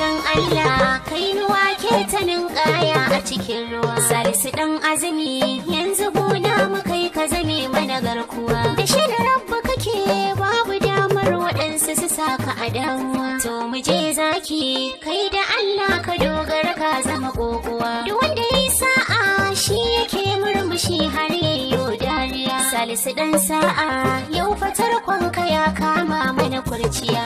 Idan Allah kai nuwa ke ta ninkaya a cikin ruwa salisu dan azumi yanzu gona mu kai ka zame mana garkuwa da shin rabbu kake babu damar waɗansu su saka a damuwa to mu je zaki kai da Allah ka dogara ka zama kokowa duk wanda ya sa'a shi yake murmushi har yayyo dariya salisu dan sa'a yau fatar kwanka ya kama mana kurciya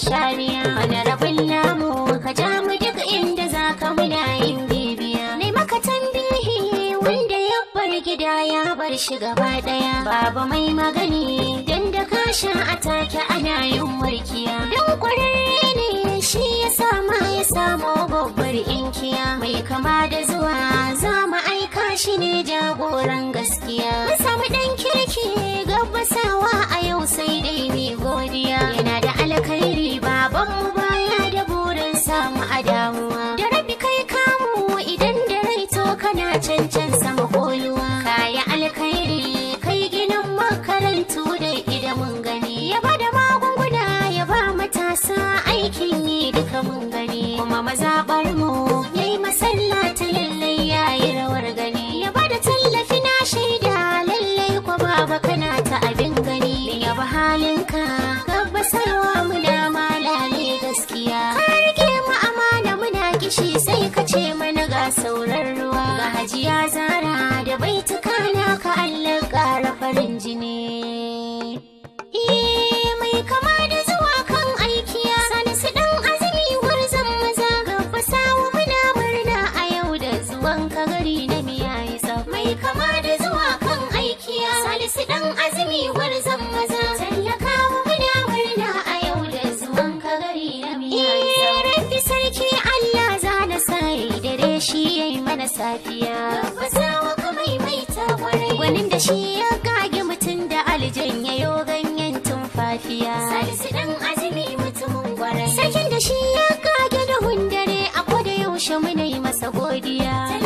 shariya wani rabin namu ka ja mu duk inda za ka muna yin bibiya ne maka tambihi wanda ya bar gida ya bar shi gaba daya baba mai magani dan da ka sha atake ana yin warkiya dan kwararre ne shi ya sama ya samo babbar inkiya mai kama da zuwa za mu aika shi ne jagoran gaskiya mun samu dan kirki gabasawa a yau sai dai mi godiya yana da miwar zan maza kawo muna murna a yau da zuwan ka gari na miyar eh, rabbi sarki Allah za na sa sai dare shi yayi mana safiya bazawa ka mai mai tawarai wani da shi ya gage mutum da aljan yayo ganyen tumfafiya salisu dan azumi mutumin gwarai sakin da shi ya gage da hundare a koda yaushe muna yi masa godiya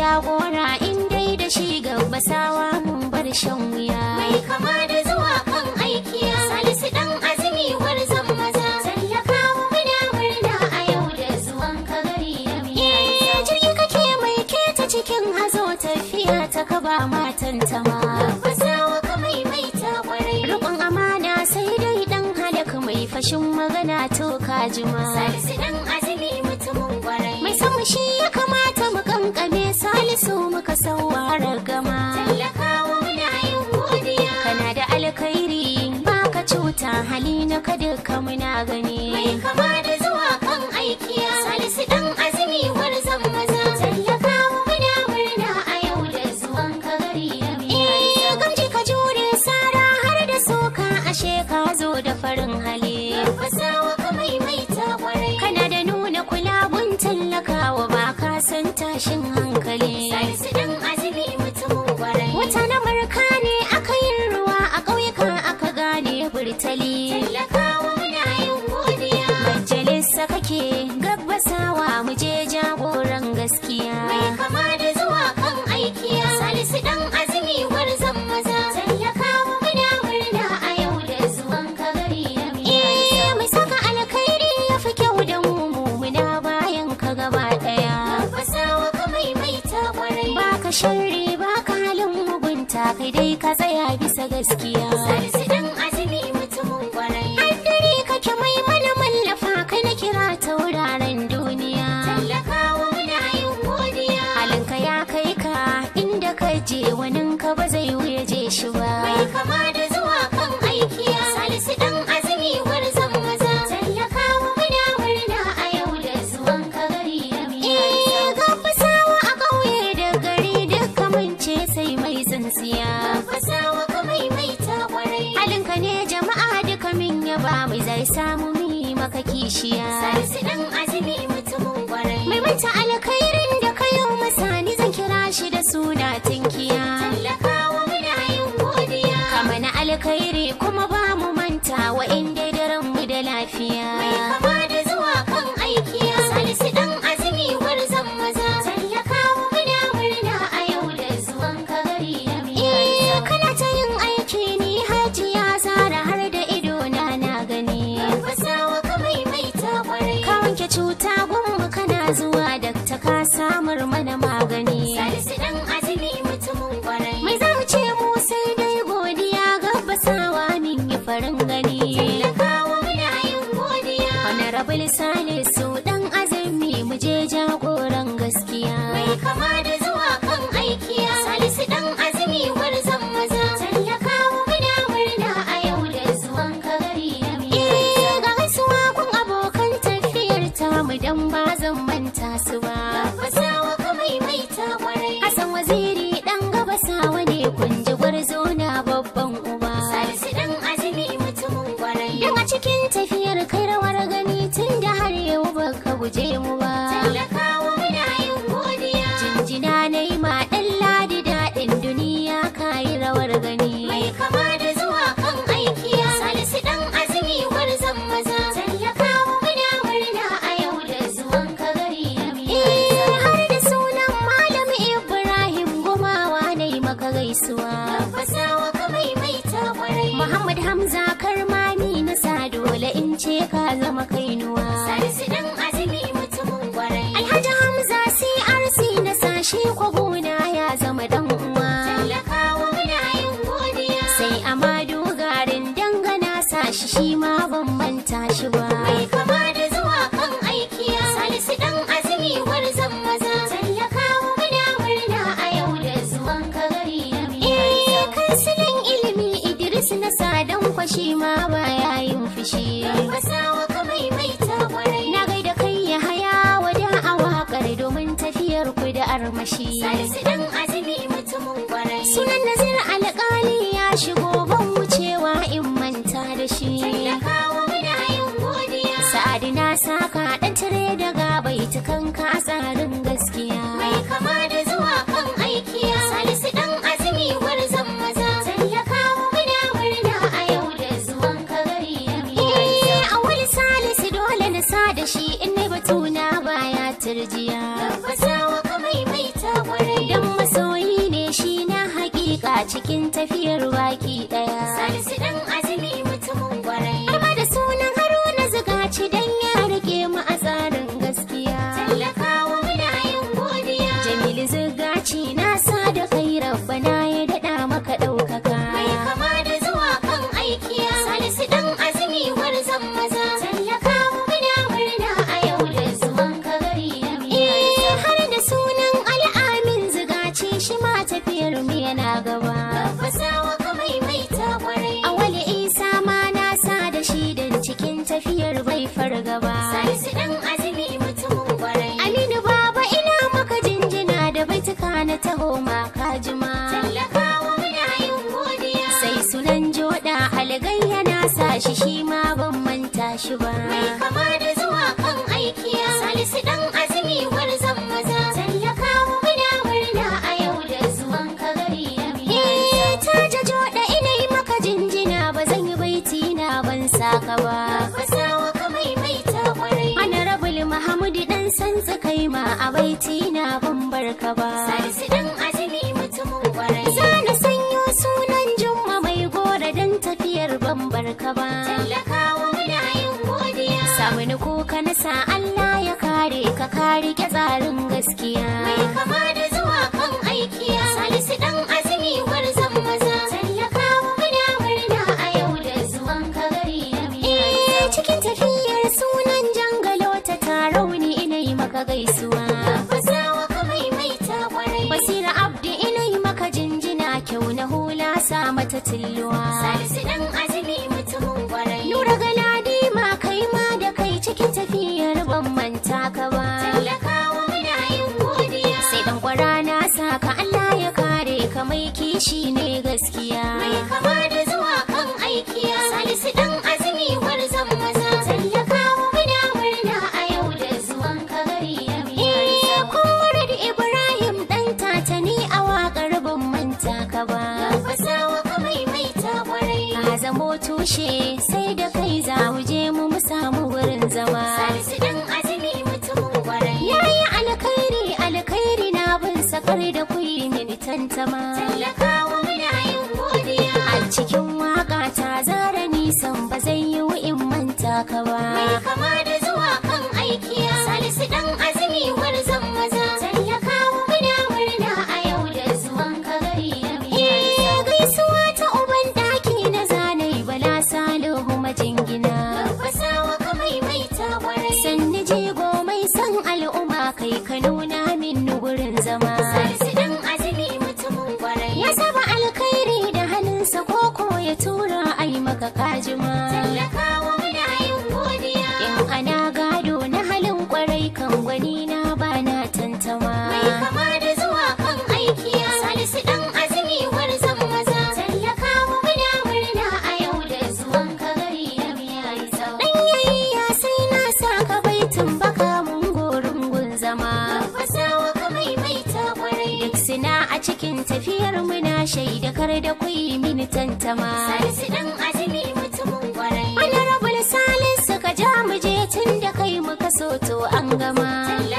jagora in dai da shi gaba sawa mun bar shan wuya mai kama da zuwa kan aikiya salisu dan azumi zan maza kawo mana murna a yau da zuwan ka gari na miya eh, jirgin kake mai keta cikin hazo tafiya ta kaba matan ta ma basawa ka mai ta kwarai rukun amana sai dai dan halaka mai fashin magana to ka jima salisu dan azumi ta hali kada ka muna gani mai kama maka kishiya. Salisu ɗan sai amadu dogarin dangana sa shi shi ma ban manta shi ba mai kama da zuwa kan aiki ya salisu dan azumi gwarzon maza sai kawo mana a yau da zuwan ka gari na eh kansilan ilimi idris na sadan kwashi ma ba yayin fushi fasawa ka mai mai na gaida kai ya haya wada a waƙar domin tafiyar ku da armashi salisu dan azumi mutumin gwara sunan nazir alƙali ya shigo ban wucewa in manta da shi godiya. na saka ɗan tare daga baitukan ka tsarin cikin tafiyar baki ɗaya. Salisu ɗan azumi mutumin gwarai. Har da sunan Haruna zuga ci danya. shi shi ma ban manta shi ba. Mai kama da zuwa kan aiki Salisu dan azumi gwarzon maza. Zan ya kawo muna murna a yau da zuwan ka gari na biyar. Eh, ta jajo da inai maka jinjina ba zan yi baiti na ban saka ba. Fasawa ka mai mai ta kwarai. Ana rabul ɗan dan san tsakai ma a baiti na ban barka ba. Salisu gaba tallakawa muna yin godiya sa wani kuka na sa Allah ya kare ka kare tsarin gaskiya Shi ne gaskiya mai kama da zuwa kan aikiya salisu ɗan azumi warzan maza ya kawo muna murna a yau da zuwan ka gari na biyar da eh, ibrahim ɗan tata ni a waƙar ban manta ka ba fasawa ka mai mai ta kwarai ka zamo tushe sai da kai za mu je mu mu samu wurin zama salisu dan azumi mutumin kwarai yayi alkhairi alkhairi na bin sakar da kuyi ni tantama san ba zai yi in manta ka ba. Mai kama da zuwa kan aiki salisu dan azumi gwarzon na shaida kar da ku yi mini tantama salisu dan azumi mutumin gwarai ana rabul salisu ka ja mu je tun da kai muka so to an gama